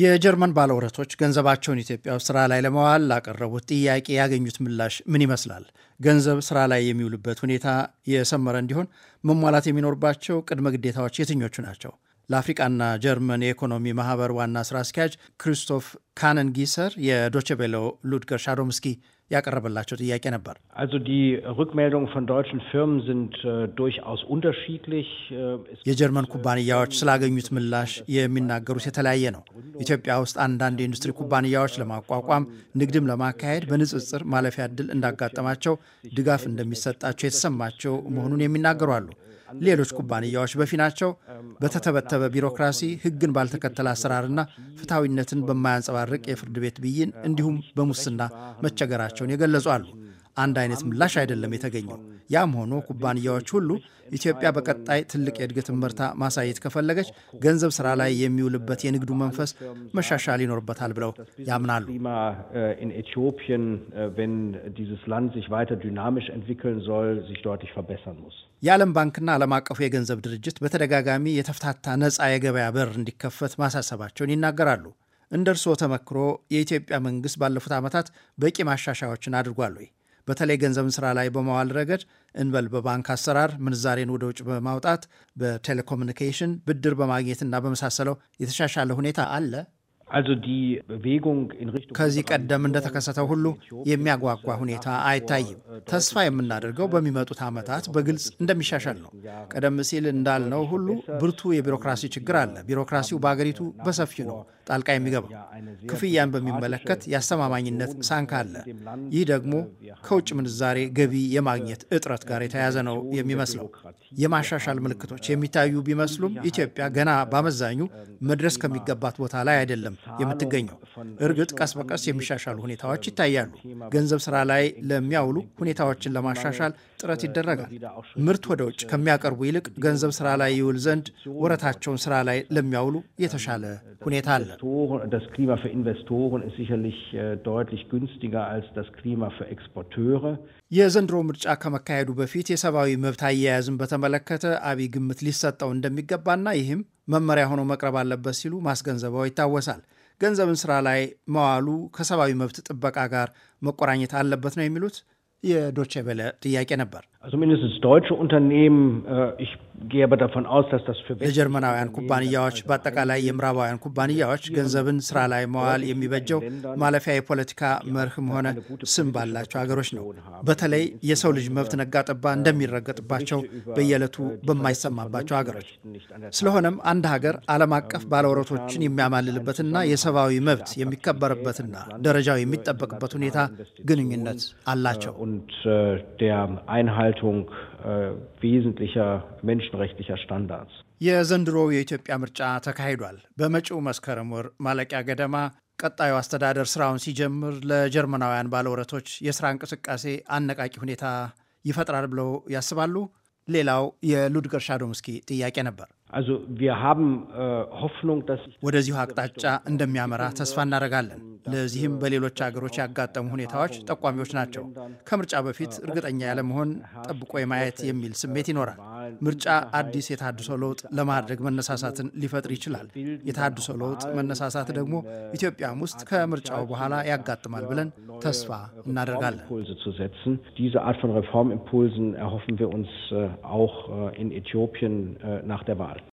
የጀርመን ባለውረቶች ገንዘባቸውን ኢትዮጵያ ውስጥ ስራ ላይ ለመዋል ላቀረቡት ጥያቄ ያገኙት ምላሽ ምን ይመስላል? ገንዘብ ስራ ላይ የሚውልበት ሁኔታ የሰመረ እንዲሆን መሟላት የሚኖርባቸው ቅድመ ግዴታዎች የትኞቹ ናቸው? ለአፍሪቃና ጀርመን የኢኮኖሚ ማህበር ዋና ስራ አስኪያጅ ክሪስቶፍ ካነንጊሰር የዶቸቤሎ ሉድገር ሻዶምስኪ ያቀረበላቸው ጥያቄ ነበር። äh, äh, የጀርመን ኩባንያዎች ስላገኙት ምላሽ የሚናገሩት የተለያየ ነው። ኢትዮጵያ ውስጥ አንዳንድ የኢንዱስትሪ ኩባንያዎች ለማቋቋም ንግድም ለማካሄድ በንጽጽር ማለፊያ እድል እንዳጋጠማቸው ድጋፍ እንደሚሰጣቸው የተሰማቸው መሆኑን የሚናገሩ አሉ። ሌሎች ኩባንያዎች በፊናቸው በተተበተበ ቢሮክራሲ፣ ሕግን ባልተከተለ አሰራርና ፍትሐዊነትን በማያንጸባርቅ የፍርድ ቤት ብይን እንዲሁም በሙስና መቸገራቸው መሆናቸውን የገለጹ አሉ። አንድ አይነት ምላሽ አይደለም የተገኘው። ያም ሆኖ ኩባንያዎች ሁሉ ኢትዮጵያ በቀጣይ ትልቅ የእድገት እመርታ ማሳየት ከፈለገች ገንዘብ ስራ ላይ የሚውልበት የንግዱ መንፈስ መሻሻል ይኖርበታል ብለው ያምናሉ። äh, äh, የዓለም ባንክና ዓለም አቀፉ የገንዘብ ድርጅት በተደጋጋሚ የተፍታታ ነፃ የገበያ በር እንዲከፈት ማሳሰባቸውን ይናገራሉ። እንደ እርስዎ ተመክሮ የኢትዮጵያ መንግስት ባለፉት ዓመታት በቂ ማሻሻያዎችን አድርጓል ወይ? በተለይ ገንዘብን ስራ ላይ በማዋል ረገድ እንበል በባንክ አሰራር ምንዛሬን ወደ ውጭ በማውጣት በቴሌኮሙኒኬሽን ብድር በማግኘትና በመሳሰለው የተሻሻለ ሁኔታ አለ? ከዚህ ቀደም እንደተከሰተው ሁሉ የሚያጓጓ ሁኔታ አይታይም። ተስፋ የምናደርገው በሚመጡት ዓመታት በግልጽ እንደሚሻሻል ነው። ቀደም ሲል እንዳልነው ሁሉ ብርቱ የቢሮክራሲ ችግር አለ። ቢሮክራሲው በአገሪቱ በሰፊው ነው ጣልቃ የሚገባው። ክፍያን በሚመለከት የአስተማማኝነት ሳንካ አለ። ይህ ደግሞ ከውጭ ምንዛሬ ገቢ የማግኘት እጥረት ጋር የተያያዘ ነው የሚመስለው። የማሻሻል ምልክቶች የሚታዩ ቢመስሉም ኢትዮጵያ ገና በአመዛኙ መድረስ ከሚገባት ቦታ ላይ አይደለም። የምትገኘው። እርግጥ ቀስ በቀስ የሚሻሻሉ ሁኔታዎች ይታያሉ። ገንዘብ ስራ ላይ ለሚያውሉ ሁኔታዎችን ለማሻሻል ጥረት ይደረጋል። ምርት ወደ ውጭ ከሚያቀርቡ ይልቅ ገንዘብ ስራ ላይ ይውል ዘንድ ወረታቸውን ስራ ላይ ለሚያውሉ የተሻለ ሁኔታ አለ። äh, የዘንድሮ ምርጫ ከመካሄዱ በፊት የሰብአዊ መብት አያያዝን በተመለከተ አብይ ግምት ሊሰጠው እንደሚገባና ይህም መመሪያ ሆኖ መቅረብ አለበት ሲሉ ማስገንዘባው ይታወሳል። ገንዘብን ስራ ላይ መዋሉ ከሰብአዊ መብት ጥበቃ ጋር መቆራኘት አለበት ነው የሚሉት የዶቼ ቬለ ጥያቄ ነበር። Also mindestens deutsche Unternehmen, äh, ich gehe aber davon aus, dass das für ለጀርመናውያን ኩባንያዎች በአጠቃላይ የምዕራባውያን ኩባንያዎች ገንዘብን ስራ ላይ መዋል የሚበጀው ማለፊያ የፖለቲካ መርህም ሆነ ስም ባላቸው ሀገሮች ነው። በተለይ የሰው ልጅ መብት ነጋጠባ እንደሚረገጥባቸው በየዕለቱ በማይሰማባቸው ሀገሮች። ስለሆነም አንድ ሀገር ዓለም አቀፍ ባለወረቶችን የሚያማልልበትና የሰብአዊ መብት የሚከበርበትና ደረጃው የሚጠበቅበት ሁኔታ ግንኙነት አላቸው። äh, Einhaltung äh, wesentlicher menschenrechtlicher Standards. የዘንድሮው የኢትዮጵያ ምርጫ ተካሂዷል። በመጪው መስከረም ወር ማለቂያ ገደማ ቀጣዩ አስተዳደር ስራውን ሲጀምር ለጀርመናውያን ባለውረቶች የስራ እንቅስቃሴ አነቃቂ ሁኔታ ይፈጥራል ብለው ያስባሉ? ሌላው የሉድገር ሻዶምስኪ ጥያቄ ነበር። Äh, ወደዚሁ አቅጣጫ እንደሚያመራ ተስፋ እናደርጋለን። ለዚህም በሌሎች አገሮች ያጋጠሙ ሁኔታዎች ጠቋሚዎች ናቸው። ከምርጫ በፊት äh, እርግጠኛ ያለመሆን ጠብቆ የማየት የሚል ስሜት ይኖራል። ምርጫ አዲስ የታድሶ ለውጥ ለማድረግ መነሳሳትን ሊፈጥር ይችላል። የታድሶ ለውጥ መነሳሳት ደግሞ ኢትዮጵያም ውስጥ ከምርጫው በኋላ ያጋጥማል ብለን ተስፋ እናደርጋለን።